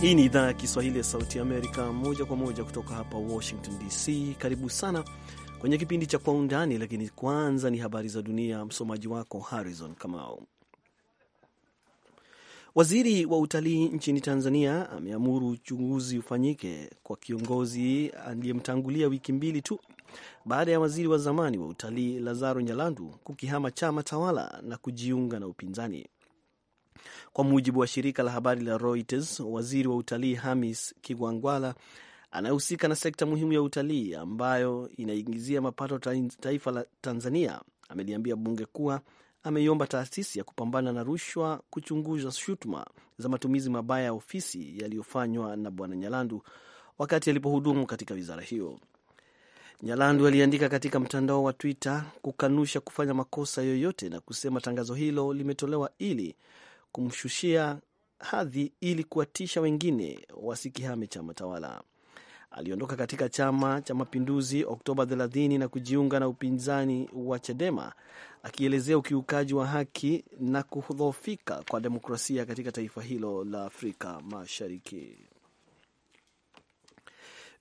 Hii ni idhaa ya Kiswahili ya Sauti ya Amerika, moja kwa moja kutoka hapa Washington DC. Karibu sana kwenye kipindi cha Kwa Undani, lakini kwanza ni habari za dunia. Msomaji wako Harrison kama Waziri wa utalii nchini Tanzania ameamuru uchunguzi ufanyike kwa kiongozi aliyemtangulia wiki mbili tu baada ya waziri wa zamani wa utalii Lazaro Nyalandu kukihama chama tawala na kujiunga na upinzani. Kwa mujibu wa shirika la habari la Reuters, waziri wa utalii Hamis Kigwangwala anayehusika na sekta muhimu ya utalii ambayo inaingizia mapato taifa la Tanzania ameliambia bunge kuwa ameiomba taasisi ya kupambana na rushwa kuchunguza shutuma za matumizi mabaya ya ofisi yaliyofanywa na Bwana Nyalandu wakati alipohudumu katika wizara hiyo. Nyalandu aliandika katika mtandao wa Twitter kukanusha kufanya makosa yoyote na kusema tangazo hilo limetolewa ili kumshushia hadhi ili kuwatisha wengine wasikihame chama tawala. Aliondoka katika Chama cha Mapinduzi Oktoba 30 na kujiunga na upinzani wa Chadema akielezea ukiukaji wa haki na kudhoofika kwa demokrasia katika taifa hilo la Afrika Mashariki.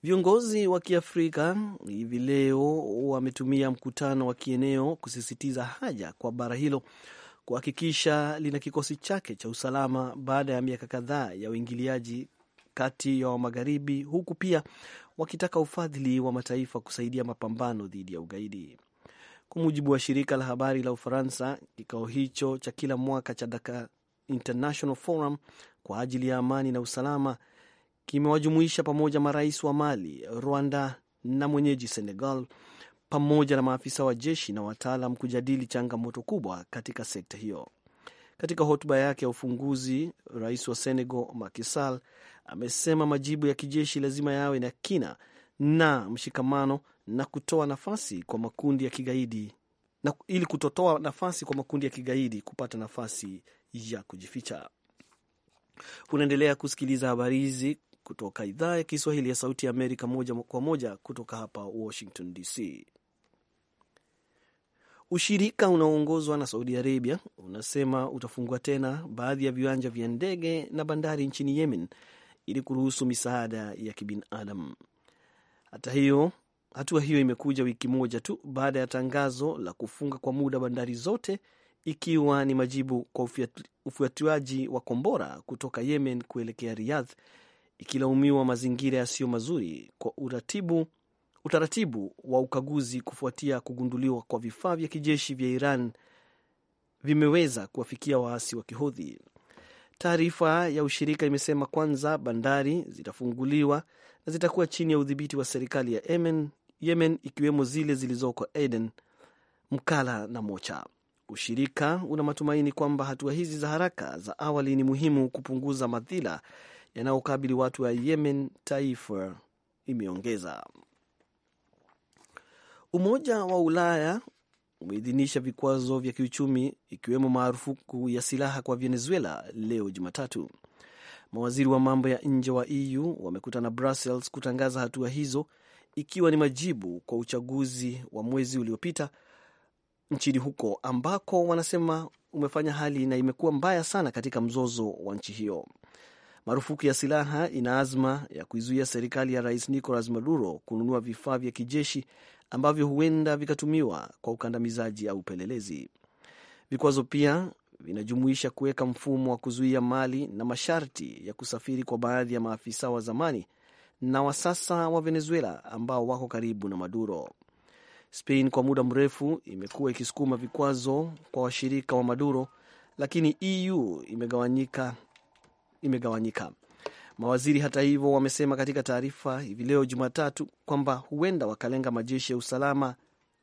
Viongozi wa Kiafrika hivi leo wametumia mkutano wa kieneo kusisitiza haja kwa bara hilo kuhakikisha lina kikosi chake cha usalama baada ya miaka kadhaa ya uingiliaji kati ya Wamagharibi, huku pia wakitaka ufadhili wa mataifa kusaidia mapambano dhidi ya ugaidi. Kwa mujibu wa shirika la habari la Ufaransa, kikao hicho cha kila mwaka cha Dakar International Forum kwa ajili ya amani na usalama kimewajumuisha pamoja marais wa Mali, Rwanda na mwenyeji Senegal pamoja na maafisa wa jeshi na wataalam kujadili changamoto kubwa katika sekta hiyo. Katika hotuba yake ya ufunguzi, rais wa Senegal Macky Sall amesema majibu ya kijeshi lazima yawe na kina na mshikamano na kutoa nafasi kwa makundi ya kigaidi na ili kutotoa nafasi kwa makundi ya kigaidi kupata nafasi ya kujificha. Unaendelea kusikiliza habari hizi kutoka idhaa ya Kiswahili ya Sauti ya Amerika, moja kwa moja kutoka hapa Washington DC. Ushirika unaoongozwa na Saudi Arabia unasema utafungua tena baadhi ya viwanja vya ndege na bandari nchini Yemen ili kuruhusu misaada ya kibinadamu. Hata hiyo, hatua hiyo imekuja wiki moja tu baada ya tangazo la kufunga kwa muda bandari zote, ikiwa ni majibu kwa ufuatiaji wa kombora kutoka Yemen kuelekea Riyadh, ikilaumiwa mazingira yasiyo mazuri kwa uratibu utaratibu wa ukaguzi kufuatia kugunduliwa kwa vifaa vya kijeshi vya Iran vimeweza kuwafikia waasi wa Kihodhi. Taarifa ya ushirika imesema kwanza, bandari zitafunguliwa na zitakuwa chini ya udhibiti wa serikali ya Yemen, Yemen ikiwemo zile zilizoko Aden, Mkala na Mocha. Ushirika una matumaini kwamba hatua hizi za haraka za awali ni muhimu kupunguza madhila yanayokabili watu wa Yemen, taifa imeongeza. Umoja wa Ulaya umeidhinisha vikwazo vya kiuchumi ikiwemo marufuku ya silaha kwa Venezuela leo Jumatatu. Mawaziri wa mambo ya nje wa EU wamekutana Brussels kutangaza hatua hizo ikiwa ni majibu kwa uchaguzi wa mwezi uliopita nchini huko ambako wanasema umefanya hali na imekuwa mbaya sana katika mzozo wa nchi hiyo. Marufuku ya silaha ina azma ya kuizuia serikali ya Rais Nicolas Maduro kununua vifaa vya kijeshi ambavyo huenda vikatumiwa kwa ukandamizaji au upelelezi. Vikwazo pia vinajumuisha kuweka mfumo wa kuzuia mali na masharti ya kusafiri kwa baadhi ya maafisa wa zamani na wa sasa wa Venezuela ambao wako karibu na Maduro. Spain kwa muda mrefu imekuwa ikisukuma vikwazo kwa washirika wa Maduro, lakini EU imegawanyika imegawanyika. Mawaziri hata hivyo wamesema katika taarifa hivi leo Jumatatu kwamba huenda wakalenga majeshi ya usalama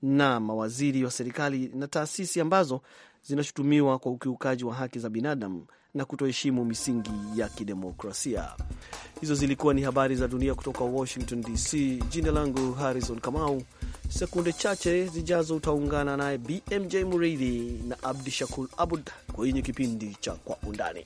na mawaziri wa serikali na taasisi ambazo zinashutumiwa kwa ukiukaji wa haki za binadamu na kutoheshimu misingi ya kidemokrasia. Hizo zilikuwa ni habari za dunia kutoka Washington DC. Jina langu Harrison Kamau. Sekunde chache zijazo utaungana naye BMJ Muridhi na Abdi Shakur Abud kwenye kipindi cha Kwa Undani.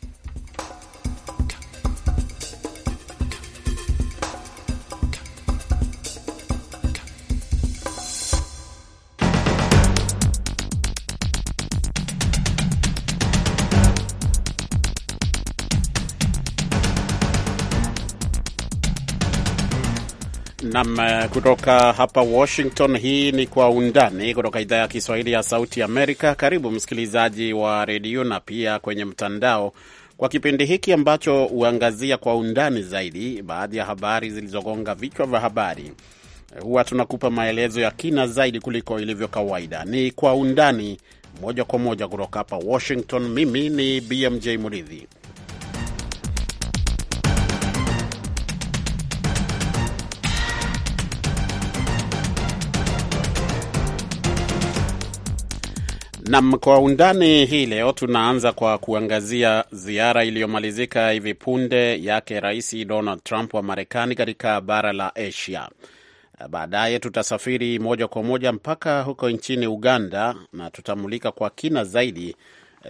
Nam eh, kutoka hapa Washington. Hii ni Kwa Undani kutoka idhaa ya Kiswahili ya Sauti Amerika. Karibu msikilizaji wa redio na pia kwenye mtandao kwa kipindi hiki ambacho huangazia kwa undani zaidi baadhi ya habari zilizogonga vichwa vya habari. Huwa tunakupa maelezo ya kina zaidi kuliko ilivyo kawaida. Ni Kwa Undani, moja kwa moja kutoka hapa Washington. Mimi ni BMJ Muridhi. Nam, kwa undani hii leo tunaanza kwa kuangazia ziara iliyomalizika hivi punde yake Rais Donald Trump wa Marekani katika bara la Asia. Baadaye tutasafiri moja kwa moja mpaka huko nchini Uganda na tutamulika kwa kina zaidi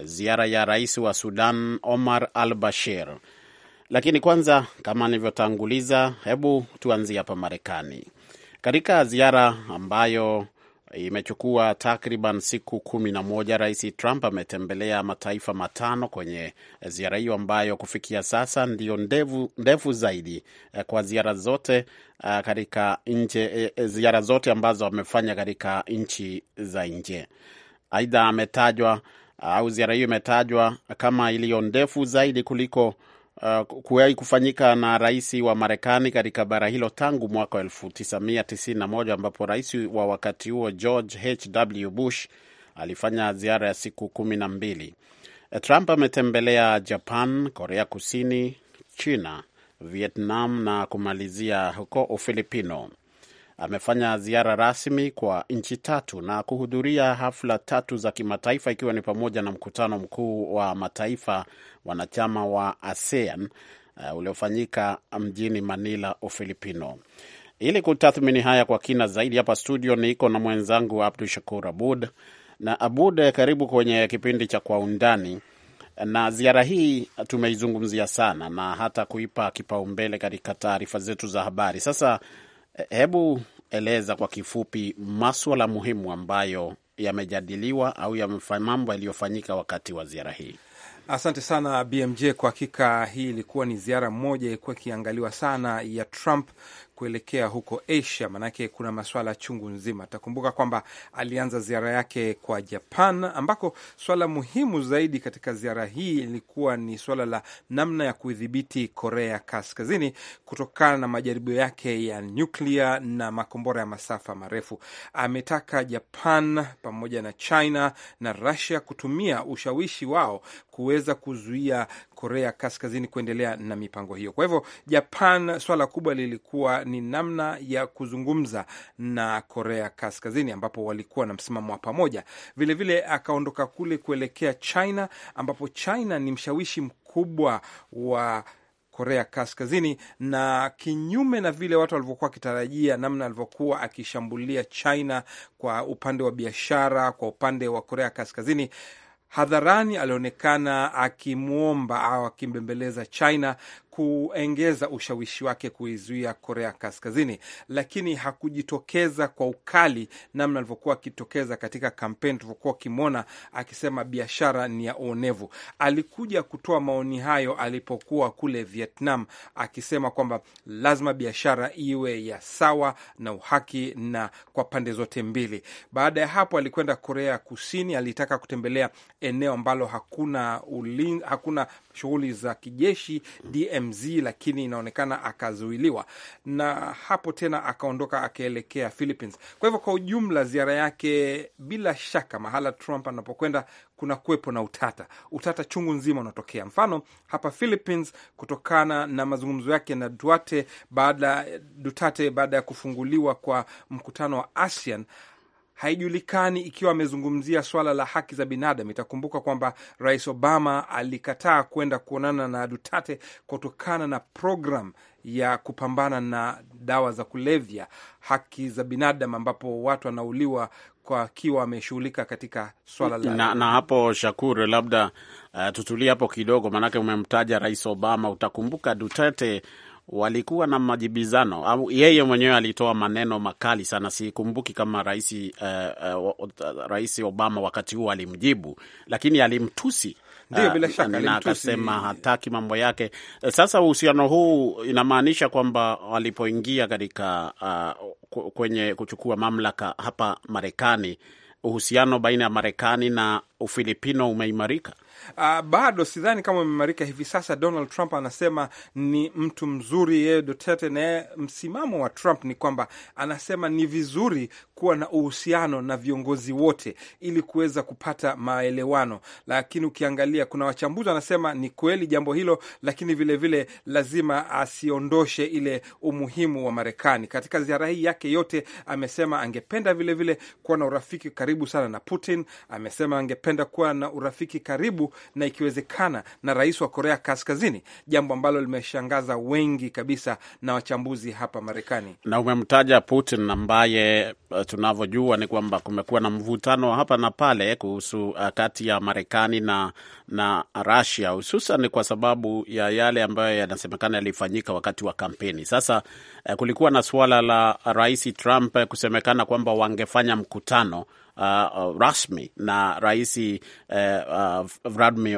ziara ya rais wa Sudan Omar al Bashir. Lakini kwanza, kama nilivyotanguliza, hebu tuanzie hapa Marekani katika ziara ambayo Imechukua takriban siku kumi na moja. Rais Trump ametembelea mataifa matano kwenye ziara hiyo ambayo kufikia sasa ndiyo ndefu, ndefu zaidi eh, kwa ziara zote eh, katika nje, eh, ziara zote ambazo amefanya katika nchi za nje. Aidha ametajwa au ziara hiyo imetajwa kama iliyo ndefu zaidi kuliko uh, kuwahi kufanyika na rais wa Marekani katika bara hilo tangu mwaka wa moja ambapo rais wa wakati huo George H.W. Bush alifanya ziara ya siku kumi na mbili. Uh, Trump ametembelea Japan, Korea Kusini, China, Vietnam na kumalizia huko Ufilipino amefanya ziara rasmi kwa nchi tatu na kuhudhuria hafla tatu za kimataifa ikiwa ni pamoja na mkutano mkuu wa mataifa wanachama wa ASEAN uh, uliofanyika mjini Manila, Ufilipino. Ili kutathmini haya kwa kina zaidi, hapa studio niko na mwenzangu Abdu Shakur Abud. Na Abud, karibu kwenye kipindi cha Kwa Undani. Na ziara hii tumeizungumzia sana na hata kuipa kipaumbele katika taarifa zetu za habari. Sasa Hebu eleza kwa kifupi maswala muhimu ambayo yamejadiliwa au ya mambo yaliyofanyika wakati wa ziara hii. Asante sana BMJ. Kwa hakika hii ilikuwa ni ziara moja ilikuwa ikiangaliwa sana ya Trump kuelekea huko Asia, maanake kuna maswala chungu nzima. Takumbuka kwamba alianza ziara yake kwa Japan, ambako swala muhimu zaidi katika ziara hii ilikuwa ni swala la namna ya kuidhibiti Korea Kaskazini kutokana na majaribio yake ya nyuklia na makombora ya masafa marefu. Ametaka Japan pamoja na China na Russia kutumia ushawishi wao kuweza kuzuia Korea Kaskazini kuendelea na mipango hiyo. Kwa hivyo, Japan swala kubwa lilikuwa ni namna ya kuzungumza na Korea Kaskazini, ambapo walikuwa na msimamo wa pamoja. Vilevile akaondoka kule kuelekea China, ambapo China ni mshawishi mkubwa wa Korea Kaskazini na kinyume na vile watu walivyokuwa wakitarajia, namna alivyokuwa akishambulia China kwa upande wa biashara, kwa upande wa Korea Kaskazini hadharani alionekana akimwomba au akimbembeleza China kuengeza ushawishi wake kuizuia Korea Kaskazini, lakini hakujitokeza kwa ukali namna alivyokuwa akitokeza katika kampeni, tulivyokuwa akimwona akisema biashara ni ya uonevu. Alikuja kutoa maoni hayo alipokuwa kule Vietnam, akisema kwamba lazima biashara iwe ya sawa na uhaki na kwa pande zote mbili. Baada ya hapo, alikwenda Korea Kusini, alitaka kutembelea eneo ambalo hakuna ulin, hakuna shughuli za kijeshi DMZ, lakini inaonekana akazuiliwa, na hapo tena akaondoka akaelekea Philippines. Kwa hivyo kwa ujumla, ziara yake bila shaka, mahala Trump anapokwenda kuna kuwepo na utata, utata chungu nzima unatokea. Mfano hapa Philippines, kutokana na mazungumzo yake na Duarte baada, Duterte baada ya kufunguliwa kwa mkutano wa ASEAN haijulikani ikiwa amezungumzia swala la haki za binadamu. Itakumbuka kwamba Rais Obama alikataa kwenda kuonana na dutate kutokana na programu ya kupambana na dawa za kulevya, haki za binadamu, ambapo watu wanauliwa kwakiwa wameshughulika katika swala la na, na hapo. Shakur, labda uh, tutulie hapo kidogo, maanake umemtaja Rais Obama. Utakumbuka dutate walikuwa na majibizano au yeye mwenyewe alitoa maneno makali sana. Sikumbuki kama rais uh, uh, rais Obama wakati huo alimjibu, lakini alimtusi ah, bila shaka na akasema hataki mambo yake. Eh, sasa uhusiano huu inamaanisha kwamba walipoingia katika uh, kwenye kuchukua mamlaka hapa Marekani, uhusiano baina ya Marekani na Ufilipino umeimarika? Uh, bado sidhani kama umeimarika hivi sasa. Donald Trump anasema ni mtu mzuri yeye Duterte, na yeye msimamo wa Trump ni kwamba anasema ni vizuri kuwa na uhusiano na viongozi wote ili kuweza kupata maelewano, lakini ukiangalia, kuna wachambuzi wanasema ni kweli jambo hilo, lakini vilevile vile lazima asiondoshe ile umuhimu wa Marekani. Katika ziara hii yake yote amesema angependa vilevile kuwa na urafiki karibu sana na Putin, amesema angependa wanapenda kuwa na urafiki karibu na ikiwezekana na rais wa Korea Kaskazini, jambo ambalo limeshangaza wengi kabisa na wachambuzi hapa Marekani. Na umemtaja Putin ambaye eh, tunavyojua ni kwamba kumekuwa na mvutano hapa na pale kuhusu eh, kati ya Marekani na, na Russia hususan kwa sababu ya yale ambayo yanasemekana yalifanyika wakati wa kampeni. Sasa eh, kulikuwa na suala la rais Trump kusemekana kwamba wangefanya mkutano Uh, uh, rasmi na rais uh, uh,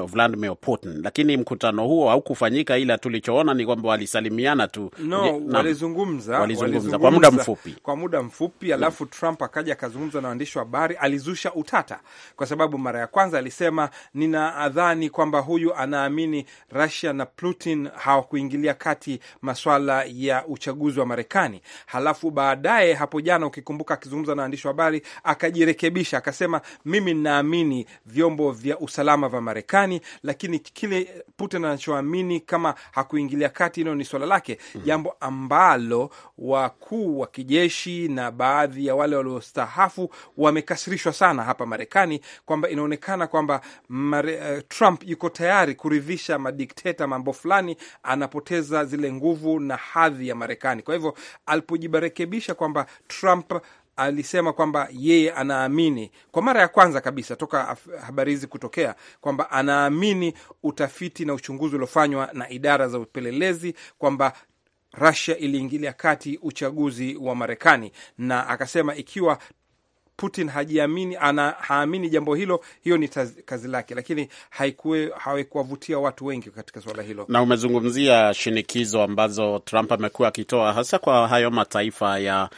Vladimir, Putin, lakini mkutano huo haukufanyika, ila tulichoona ni kwamba walisalimiana tu no, walizungumza, walizungumza kwa muda mfupi, kwa muda mfupi alafu mm. Trump akaja akazungumza na waandishi wa habari, alizusha utata kwa sababu mara ya kwanza alisema nina adhani kwamba huyu anaamini Russia na Putin hawakuingilia kati maswala ya uchaguzi wa Marekani. Halafu baadaye hapo jana, ukikumbuka, akizungumza na waandishi wa habari akajirekebisha akajirekebisha, akasema mimi ninaamini vyombo vya usalama vya Marekani, lakini kile Putin anachoamini kama hakuingilia kati, hilo ni swala lake, hmm. jambo ambalo wakuu wa kijeshi na baadhi ya wale waliostahafu wamekasirishwa sana hapa Marekani, kwamba inaonekana kwamba eh, Trump yuko tayari kuridhisha madikteta mambo fulani, anapoteza zile nguvu na hadhi ya Marekani. Kwa hivyo alipojibarekebisha kwamba Trump alisema kwamba yeye anaamini kwa mara ya kwanza kabisa toka habari hizi kutokea kwamba anaamini utafiti na uchunguzi uliofanywa na idara za upelelezi kwamba Russia iliingilia kati uchaguzi wa Marekani, na akasema ikiwa Putin hajiamini, ana haamini jambo hilo, hiyo ni taz, kazi lake, lakini hawekuwavutia watu wengi katika suala hilo. Na umezungumzia shinikizo ambazo Trump amekuwa akitoa hasa kwa hayo mataifa ya,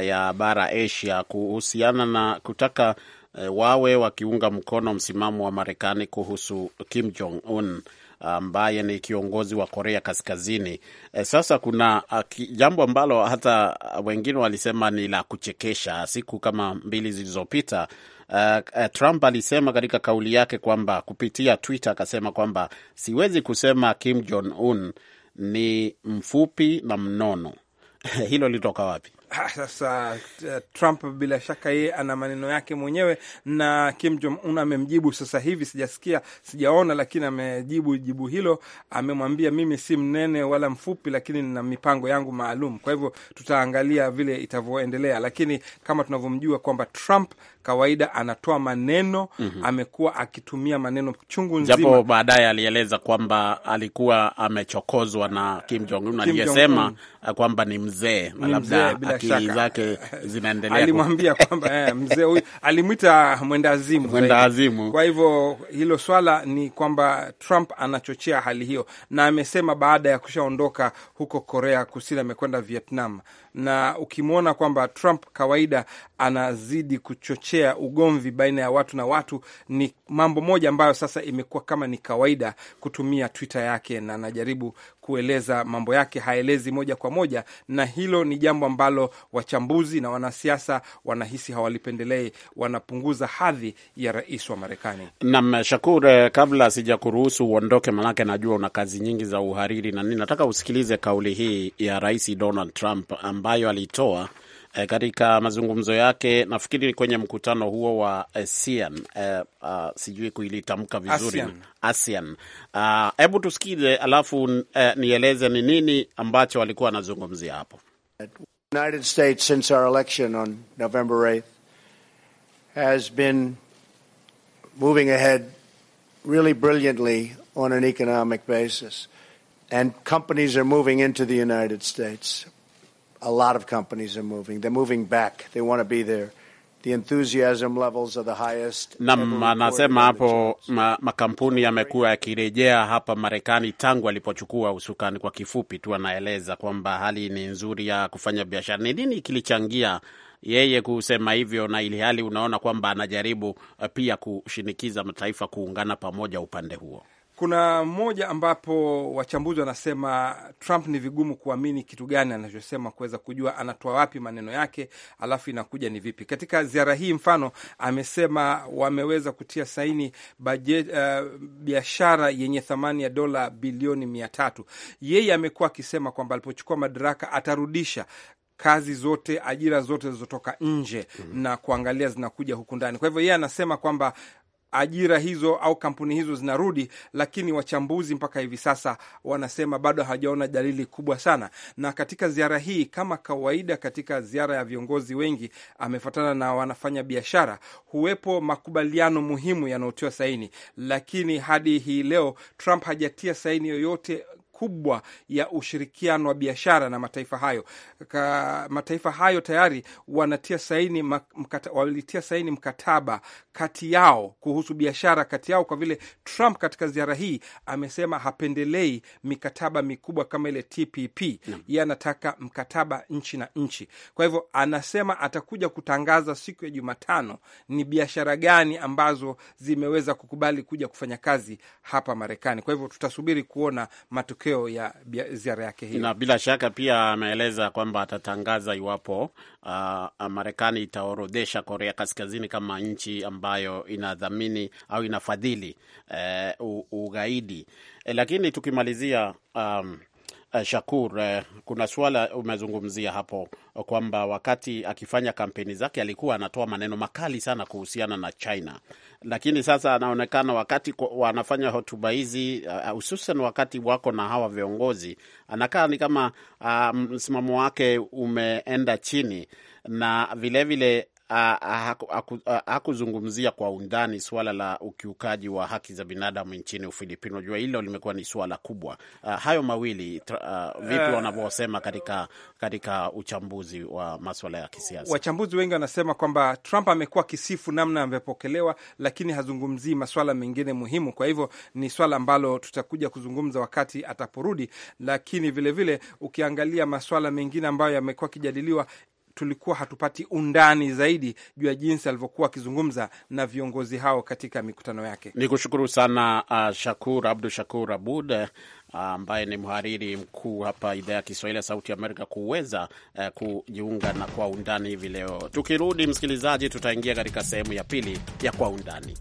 ya bara Asia kuhusiana na kutaka e, wawe wakiunga mkono msimamo wa Marekani kuhusu Kim Jong Un ambaye ni kiongozi wa Korea Kaskazini. E, sasa kuna ah, jambo ambalo hata wengine walisema ni la kuchekesha. Siku kama mbili zilizopita Uh, Trump alisema katika kauli yake kwamba kupitia Twitter akasema kwamba siwezi kusema Kim Jong Un ni mfupi na mnono. Hilo litoka wapi? Ha, ah, sasa uh, Trump bila shaka yeye ana maneno yake mwenyewe, na Kim Jong Un amemjibu sasa hivi, sijasikia sijaona, lakini amejibu jibu hilo, amemwambia mimi si mnene wala mfupi, lakini nina mipango yangu maalum. Kwa hivyo tutaangalia vile itavyoendelea, lakini kama tunavyomjua kwamba Trump kawaida anatoa maneno mm -hmm. Amekuwa akitumia maneno chungu nzima, japo baadaye alieleza kwamba alikuwa amechokozwa na Kim Jong Un aliyesema eh, kwamba ni mzee labda akili zake zinaendelea. Alimwambia kwamba eh, mzee huyu alimwita mwendazimu, mwendazimu. Kwa hivyo hilo swala ni kwamba Trump anachochea hali hiyo, na amesema baada ya kushaondoka huko Korea Kusini amekwenda Vietnam, na ukimwona kwamba Trump kawaida anazidi kuchochea ugomvi baina ya watu na watu, ni mambo moja ambayo sasa imekuwa kama ni kawaida kutumia Twitter yake, na anajaribu kueleza mambo yake, haelezi moja kwa moja, na hilo ni jambo ambalo wachambuzi na wanasiasa wanahisi hawalipendelei, wanapunguza hadhi ya rais wa Marekani. Nam Shakur, eh, kabla sija kuruhusu uondoke, manake najua una kazi nyingi za uhariri na nini, nataka usikilize kauli hii ya Rais Donald Trump ambayo alitoa E, katika mazungumzo yake nafikiri ni kwenye mkutano huo wa ASEAN, eh, e, a, ah, sijui kuilitamka vizuri ASEAN. Ah, hebu tusikize, alafu e, nieleze ni nini ambacho alikuwa anazungumzia hapo. United States since our election on November 8th has been moving ahead really brilliantly on an economic basis. And companies are moving into the United States. A lot of companies are moving. They're moving back. They want to be there. Nam anasema hapo ma, makampuni yamekuwa yakirejea hapa Marekani tangu alipochukua usukani. Kwa kifupi tu, anaeleza kwamba hali ni nzuri ya kufanya biashara. Ni nini kilichangia yeye kusema hivyo, na ili hali unaona kwamba anajaribu eh, pia kushinikiza mataifa kuungana pamoja upande huo? kuna mmoja ambapo wachambuzi wanasema Trump ni vigumu kuamini kitu gani anachosema, kuweza kujua anatoa wapi maneno yake, alafu inakuja ni vipi. Katika ziara hii mfano, amesema wameweza kutia saini uh, biashara yenye thamani ya dola bilioni mia tatu. Yeye amekuwa akisema kwamba alipochukua madaraka atarudisha kazi zote ajira zote zilizotoka nje mm -hmm. na kuangalia zinakuja huku ndani. Kwa hivyo yeye anasema kwamba ajira hizo au kampuni hizo zinarudi, lakini wachambuzi mpaka hivi sasa wanasema bado hawajaona dalili kubwa sana. Na katika ziara hii, kama kawaida, katika ziara ya viongozi wengi amefuatana na wanafanya biashara, huwepo makubaliano muhimu yanayotiwa saini, lakini hadi hii leo Trump hajatia saini yoyote kubwa ya ushirikiano wa biashara na mataifa hayo. Ka, mataifa hayo tayari wanatia saini mkata, walitia saini mkataba kati yao kuhusu biashara kati yao, kwa vile Trump katika ziara hii amesema hapendelei mikataba mikubwa kama ile TPP mm. Yeye anataka mkataba nchi na nchi. Kwa hivyo anasema atakuja kutangaza siku ya Jumatano ni biashara gani ambazo zimeweza kukubali kuja kufanya kazi hapa Marekani. Kwa hivyo tutasubiri kuona matokeo matokeo ya ziara yake hiyo, na bila shaka pia ameeleza kwamba atatangaza iwapo uh, Marekani itaorodhesha Korea Kaskazini kama nchi ambayo inadhamini au inafadhili uh, ugaidi. Eh, lakini tukimalizia um, Eh, Shakur, eh, kuna suala umezungumzia hapo kwamba wakati akifanya kampeni zake alikuwa anatoa maneno makali sana kuhusiana na China, lakini sasa anaonekana wakati wanafanya hotuba hizi, eh, hususan wakati wako na hawa viongozi, anakaa ni kama ah, msimamo um, wake umeenda chini na vilevile hakuzungumzia kwa undani suala la ukiukaji wa haki za binadamu nchini Ufilipino. Unajua hilo limekuwa ni suala kubwa. Uh, hayo mawili uh, vipi eh, wanavyosema katika, katika uchambuzi wa maswala ya kisiasa. Wachambuzi wengi wanasema kwamba Trump amekuwa kisifu namna amepokelewa, lakini hazungumzii maswala mengine muhimu. Kwa hivyo ni swala ambalo tutakuja kuzungumza wakati ataporudi, lakini vilevile vile, ukiangalia maswala mengine ambayo yamekuwa akijadiliwa tulikuwa hatupati undani zaidi juu ya jinsi alivyokuwa akizungumza na viongozi hao katika mikutano yake. Ni kushukuru sana uh, Shakur Abdu Shakur Abud uh, ambaye uh, ni mhariri mkuu hapa idhaa ya Kiswahili ya Sauti Amerika kuweza uh, kujiunga na Kwa Undani hivi leo. Tukirudi msikilizaji, tutaingia katika sehemu ya pili ya Kwa Undani.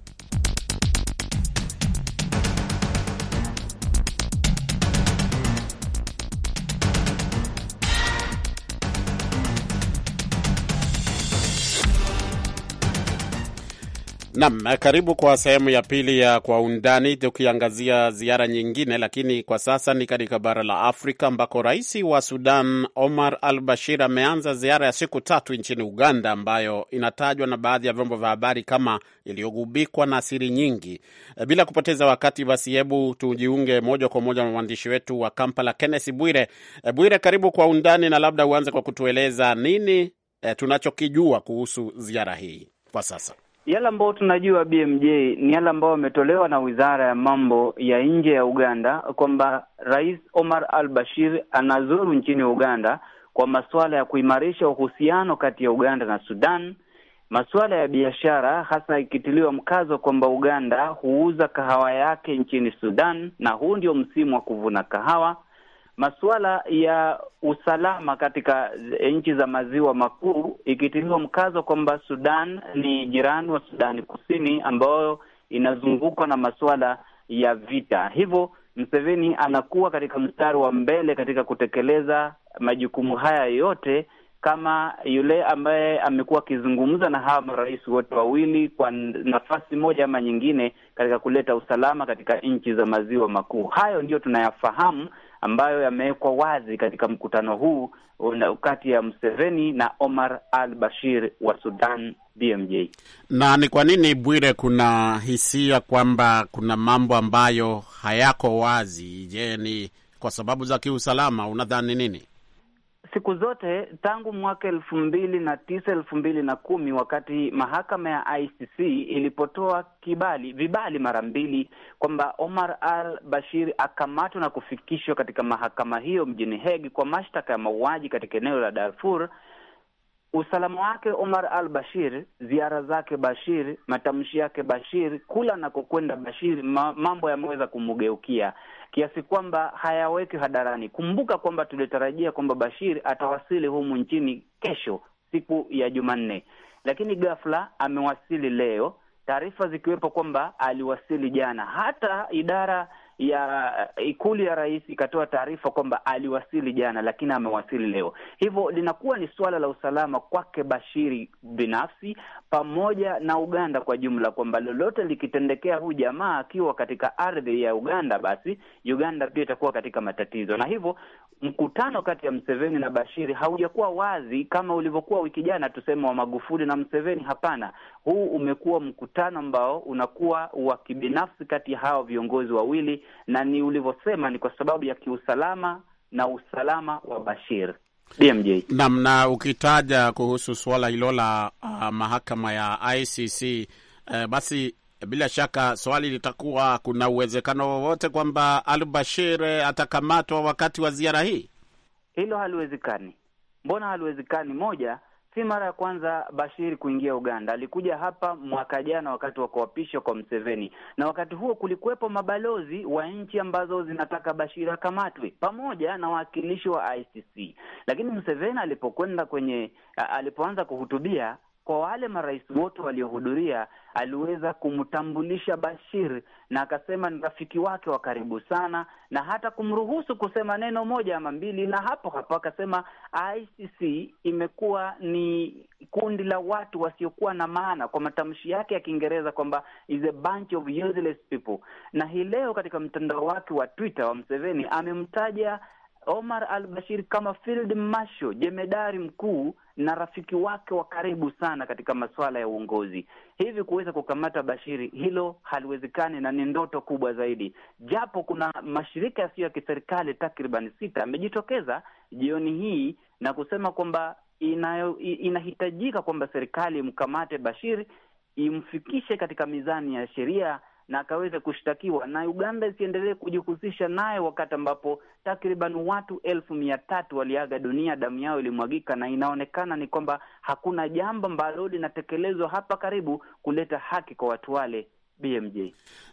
nam karibu kwa sehemu ya pili ya Kwa Undani, tukiangazia ziara nyingine, lakini kwa sasa ni katika bara la Afrika ambako rais wa Sudan Omar al Bashir ameanza ziara ya siku tatu nchini Uganda, ambayo inatajwa na baadhi ya vyombo vya habari kama iliyogubikwa na siri nyingi. Eh, bila kupoteza wakati, basi hebu tujiunge moja kwa moja na mwandishi wetu wa Kampala, Kennes Bwire. Eh, Bwire, karibu Kwa Undani, na labda uanze kwa kutueleza nini eh, tunachokijua kuhusu ziara hii kwa sasa. Yale ambayo tunajua BMJ ni yale ambayo ametolewa na wizara ya mambo ya nje ya Uganda kwamba Rais Omar al Bashir anazuru nchini Uganda kwa masuala ya kuimarisha uhusiano kati ya Uganda na Sudan, masuala ya biashara, hasa ikitiliwa mkazo kwamba Uganda huuza kahawa yake nchini Sudan na huu ndio msimu wa kuvuna kahawa masuala ya usalama katika nchi za maziwa makuu, ikitiliwa mkazo kwamba Sudan ni jirani wa Sudani Kusini ambayo inazungukwa na masuala ya vita. Hivyo Mseveni anakuwa katika mstari wa mbele katika kutekeleza majukumu haya yote, kama yule ambaye amekuwa akizungumza na hawa marais wote wawili kwa nafasi moja ama nyingine, katika kuleta usalama katika nchi za maziwa makuu. Hayo ndiyo tunayafahamu ambayo yamewekwa wazi katika mkutano huu kati ya mseveni na Omar al Bashir wa Sudan. BMJ. Na ni kwa nini Bwire, kuna hisia kwamba kuna mambo ambayo hayako wazi? Je, ni kwa sababu za kiusalama? Unadhani nini? siku zote tangu mwaka elfu mbili na tisa elfu mbili na kumi wakati mahakama ya ICC ilipotoa kibali vibali mara mbili kwamba Omar al Bashir akamatwa na kufikishwa katika mahakama hiyo mjini Hague kwa mashtaka ya mauaji katika eneo la Darfur usalama wake Omar al Bashir, ziara zake Bashir, matamshi yake Bashir, kula anakokwenda Bashir, ma mambo yameweza kumgeukia kiasi kwamba hayaweki hadarani. Kumbuka kwamba tulitarajia kwamba Bashir atawasili humu nchini kesho siku ya Jumanne, lakini ghafla amewasili leo, taarifa zikiwepo kwamba aliwasili jana. Hata idara ya ikulu ya rais ikatoa taarifa kwamba aliwasili jana, lakini amewasili leo. Hivyo linakuwa ni suala la usalama kwake Bashiri binafsi pamoja na Uganda kwa jumla, kwamba lolote likitendekea huu jamaa akiwa katika ardhi ya Uganda, basi Uganda pia itakuwa katika matatizo. Na hivyo mkutano kati ya Mseveni na Bashiri haujakuwa wazi kama ulivyokuwa wiki jana, tuseme wa Magufuli na Mseveni. Hapana, huu umekuwa mkutano ambao unakuwa wa kibinafsi kati ya hawa viongozi wawili na ni ulivyosema, ni kwa sababu ya kiusalama na usalama wa Bashir. nam na ukitaja kuhusu suala hilo la uh, mahakama ya ICC uh, eh, basi bila shaka swali litakuwa kuna uwezekano wowote kwamba Al Bashir eh, atakamatwa wakati wa ziara hii? Hilo haliwezekani. Mbona haliwezekani? Moja, si mara ya kwanza Bashir kuingia Uganda. Alikuja hapa mwaka jana wakati wa kuapishwa kwa Mseveni, na wakati huo kulikuwepo mabalozi wa nchi ambazo zinataka Bashir akamatwe pamoja na wawakilishi wa ICC, lakini Mseveni alipokwenda kwenye, alipoanza kuhutubia kwa wale marais wote waliohudhuria, aliweza kumtambulisha Bashir na akasema ni rafiki wake wa karibu sana, na hata kumruhusu kusema neno moja ama mbili. Na hapo hapo akasema ICC imekuwa ni kundi la watu wasiokuwa na maana, kwa matamshi yake ya Kiingereza kwamba is a bunch of useless people. Na hii leo katika mtandao wake wa Twitter wa Mseveni amemtaja Omar al Bashir kama field marshal, jemedari mkuu na rafiki wake wa karibu sana katika masuala ya uongozi. Hivi kuweza kukamata Bashiri, hilo haliwezekani na ni ndoto kubwa zaidi, japo kuna mashirika yasiyo ya kiserikali takriban sita amejitokeza jioni hii na kusema kwamba inayo, inahitajika kwamba serikali imkamate Bashiri imfikishe katika mizani ya sheria na akaweze kushtakiwa na Uganda isiendelee kujihusisha naye, wakati ambapo takriban watu elfu mia tatu waliaga dunia, damu yao ilimwagika, na inaonekana ni kwamba hakuna jambo ambalo linatekelezwa hapa karibu kuleta haki kwa watu wale. BMJ.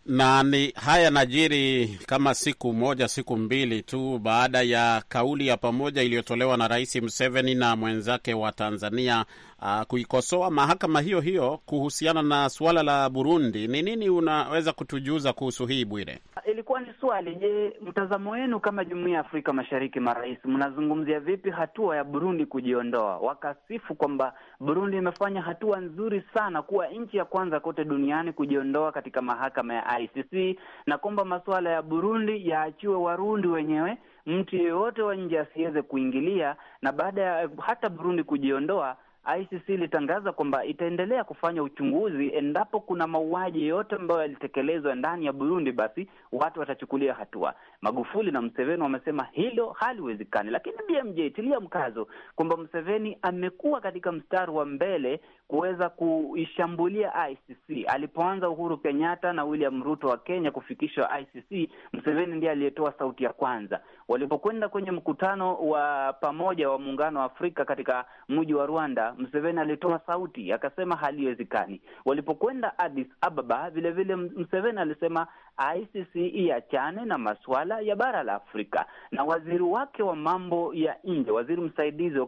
Na ni haya najiri kama siku moja siku mbili tu baada ya kauli ya pamoja iliyotolewa na Rais Museveni na mwenzake wa Tanzania uh, kuikosoa mahakama hiyo hiyo kuhusiana na suala la Burundi. Ni nini unaweza kutujuza kuhusu hii Bwire? Ilikuwa ni swali, je, mtazamo wenu kama jumuiya ya Afrika Mashariki, marais, mnazungumzia vipi hatua ya Burundi kujiondoa? Wakasifu kwamba Burundi imefanya hatua nzuri sana kuwa nchi ya kwanza kote duniani kujiondoa katika mahakama ya ICC na kwamba masuala ya Burundi yaachiwe Warundi wenyewe, mtu yeyote wa nje asiweze kuingilia. Na baada ya hata Burundi kujiondoa ICC ilitangaza kwamba itaendelea kufanya uchunguzi endapo kuna mauaji yoyote ambayo yalitekelezwa ndani ya Burundi, basi watu watachukulia hatua. Magufuli na Mseveni wamesema hilo haliwezekani, lakini BMJ tilia mkazo kwamba Mseveni amekuwa katika mstari wa mbele kuweza kuishambulia ICC. Alipoanza Uhuru Kenyatta na William Ruto wa Kenya kufikishwa ICC, Museveni ndiye aliyetoa sauti ya kwanza. Walipokwenda kwenye mkutano wa pamoja wa muungano wa Afrika katika mji wa Rwanda, Museveni alitoa sauti akasema haliwezekani. Walipokwenda Addis Ababa vilevile, Museveni alisema ICC iachane na masuala ya bara la Afrika. Na waziri wake wa mambo ya nje, waziri msaidizi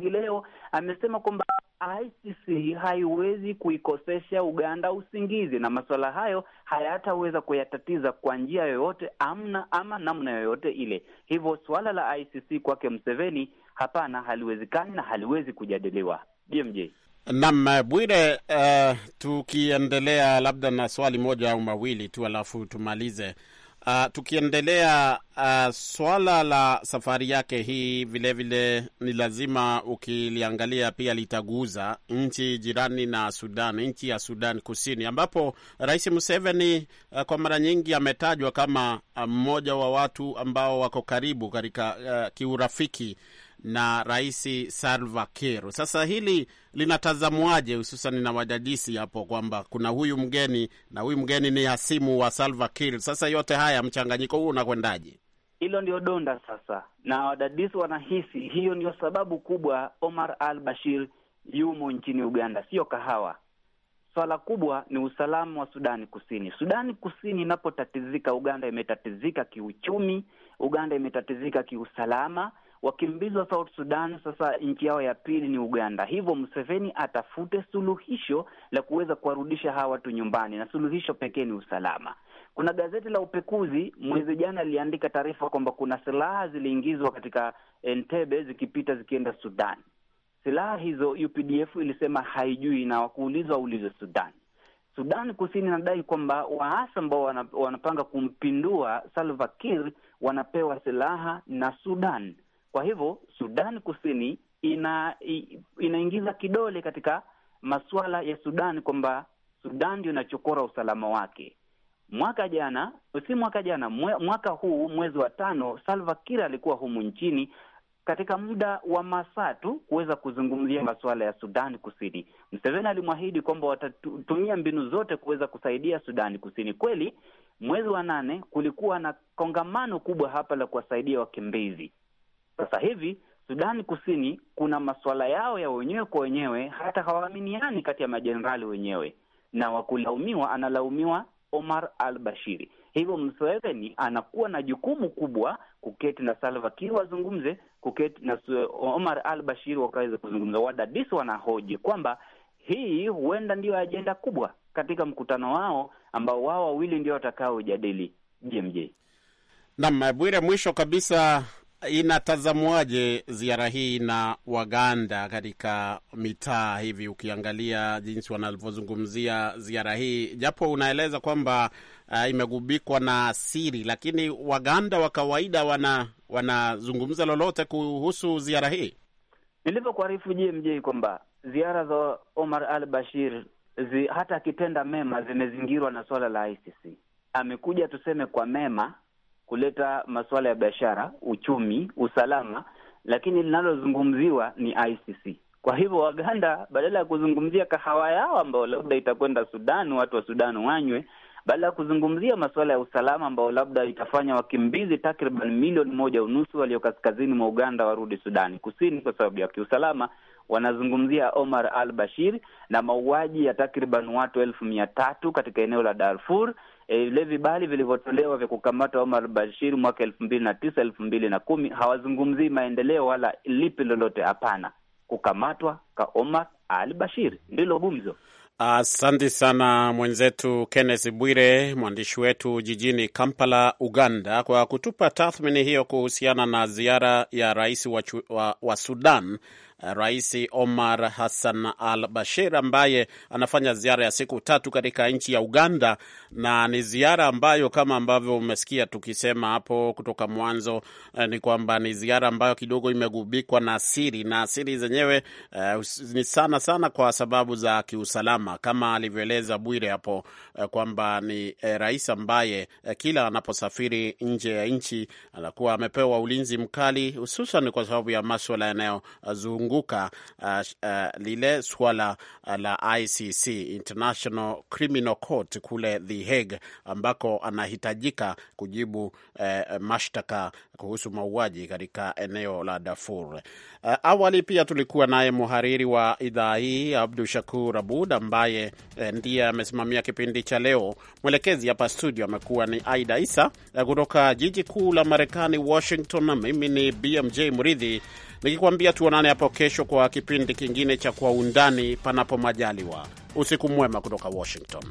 hii leo amesema kwamba ICC haiwezi kuikosesha Uganda usingizi na masuala hayo hayataweza kuyatatiza kwa njia yoyote amna, ama namna yoyote ile. Hivyo suala la ICC kwake Mseveni, hapana, haliwezekani na haliwezi kujadiliwa. BMJ nam eh, Bwire, uh, tukiendelea labda na swali moja au mawili tu alafu tumalize. Uh, tukiendelea uh, swala la safari yake hii vilevile vile, ni lazima ukiliangalia pia litaguza nchi jirani na Sudan, nchi ya Sudan Kusini, ambapo Rais Museveni uh, kwa mara nyingi ametajwa kama ah, mmoja wa watu ambao wako karibu katika uh, kiurafiki na Rais Salva Kiir. Sasa hili linatazamwaje, hususan na wadadisi hapo kwamba kuna huyu mgeni na huyu mgeni ni hasimu wa Salva Kiir? Sasa yote haya, mchanganyiko huu unakwendaje? Hilo ndio donda sasa, na wadadisi wanahisi hiyo ndio sababu kubwa Omar al Bashir yumo nchini Uganda, sio kahawa. Swala kubwa ni usalama wa Sudani Kusini. Sudani Kusini inapotatizika, Uganda imetatizika kiuchumi, Uganda imetatizika kiusalama wakimbizi wa South Sudan sasa nchi yao ya pili ni Uganda. Hivyo Museveni atafute suluhisho la kuweza kuwarudisha hawa watu nyumbani, na suluhisho pekee ni usalama. Kuna gazeti la Upekuzi mwezi jana liliandika taarifa kwamba kuna silaha ziliingizwa katika Entebbe zikipita zikienda Sudan. Silaha hizo UPDF ilisema haijui na wakuulizwa waulizwe Sudan. Sudan Kusini inadai kwamba waasi ambao wanapanga kumpindua Salva Kiir wanapewa silaha na Sudan. Kwa hivyo Sudan Kusini ina inaingiza kidole katika masuala ya Sudan kwamba Sudan ndio inachokora usalama wake. Mwaka jana, si mwaka jana, mwaka huu mwezi wa tano, Salva Kiir alikuwa humu nchini katika muda wa masaa tu kuweza kuzungumzia masuala ya Sudani Kusini. mseveni alimwahidi kwamba watatumia mbinu zote kuweza kusaidia Sudani Kusini. Kweli mwezi wa nane kulikuwa na kongamano kubwa hapa la kuwasaidia wakimbizi, sasa hivi Sudani Kusini kuna masuala yao ya wenyewe kwa wenyewe, hata hawaaminiani kati ya majenerali wenyewe, na wakulaumiwa analaumiwa Omar al Bashiri. Hivyo mseveni anakuwa na jukumu kubwa kuketi na Salva Kiir wazungumze, kuketi na Omar al Bashiri wakaweza kuzungumza. Wadadisi wanahoji kwamba hii huenda ndiyo ajenda kubwa katika mkutano wao ambao wao wawili ndio watakaojadili. BMJ nam Bwire, mwisho kabisa Inatazamwaje ziara hii na Waganda katika mitaa hivi, ukiangalia jinsi wanavyozungumzia ziara hii, japo unaeleza kwamba uh, imegubikwa na siri, lakini Waganda wa kawaida wana wanazungumza lolote kuhusu ziara hii? Nilivyokuarifu JMJ kwamba ziara za Omar al Bashir zi, hata akitenda mema zimezingirwa na swala la ICC. Amekuja tuseme kwa mema kuleta masuala ya biashara, uchumi, usalama, lakini linalozungumziwa ni ICC. Kwa hivyo Waganda badala ya kuzungumzia kahawa yao ambayo labda itakwenda Sudan, watu wa Sudan wanywe, badala ya kuzungumzia masuala ya usalama ambayo labda itafanya wakimbizi takriban milioni moja unusu walio kaskazini mwa Uganda warudi Sudani Kusini kwa sababu ya kiusalama, wanazungumzia Omar al Bashir na mauaji ya takriban watu elfu mia tatu katika eneo la Darfur E, vile vibali vilivyotolewa vya kukamata Omar bashir mwaka elfu mbili na tisa elfu mbili na kumi hawazungumzii maendeleo wala lipi lolote. Hapana, kukamatwa ka Omar al-Bashir ndilo gumzo. Asante sana mwenzetu Kenneth Bwire, mwandishi wetu jijini Kampala, Uganda, kwa kutupa tathmini hiyo kuhusiana na ziara ya rais wa, wa, wa Sudan Rais Omar Hassan al Bashir ambaye anafanya ziara ya siku tatu katika nchi ya Uganda, na ni ziara ambayo kama ambavyo umesikia tukisema hapo kutoka mwanzo eh, ni kwamba ni ziara ambayo kidogo imegubikwa na siri, na siri zenyewe eh, ni sana sana kwa sababu za kiusalama, kama alivyoeleza Bwire hapo eh, kwamba ni eh, rais ambaye eh, kila anaposafiri nje ya nchi anakuwa amepewa ulinzi mkali, hususan kwa sababu ya maswala yanayozungu kuzunguka uh, uh, lile swala uh, la ICC International Criminal Court kule The Hague ambako anahitajika kujibu uh, mashtaka kuhusu mauaji katika eneo la Darfur. Uh, awali pia tulikuwa naye muhariri wa idhaa hii Abdu Shakur Abud ambaye uh, ndiye amesimamia kipindi cha leo. Mwelekezi hapa studio amekuwa ni Aida Isa uh, kutoka jiji kuu la Marekani, Washington. Mimi ni BMJ Mridhi nikikwambia tuonane hapo kesho kwa kipindi kingine cha Kwa Undani, panapo majaliwa. Usiku mwema kutoka Washington.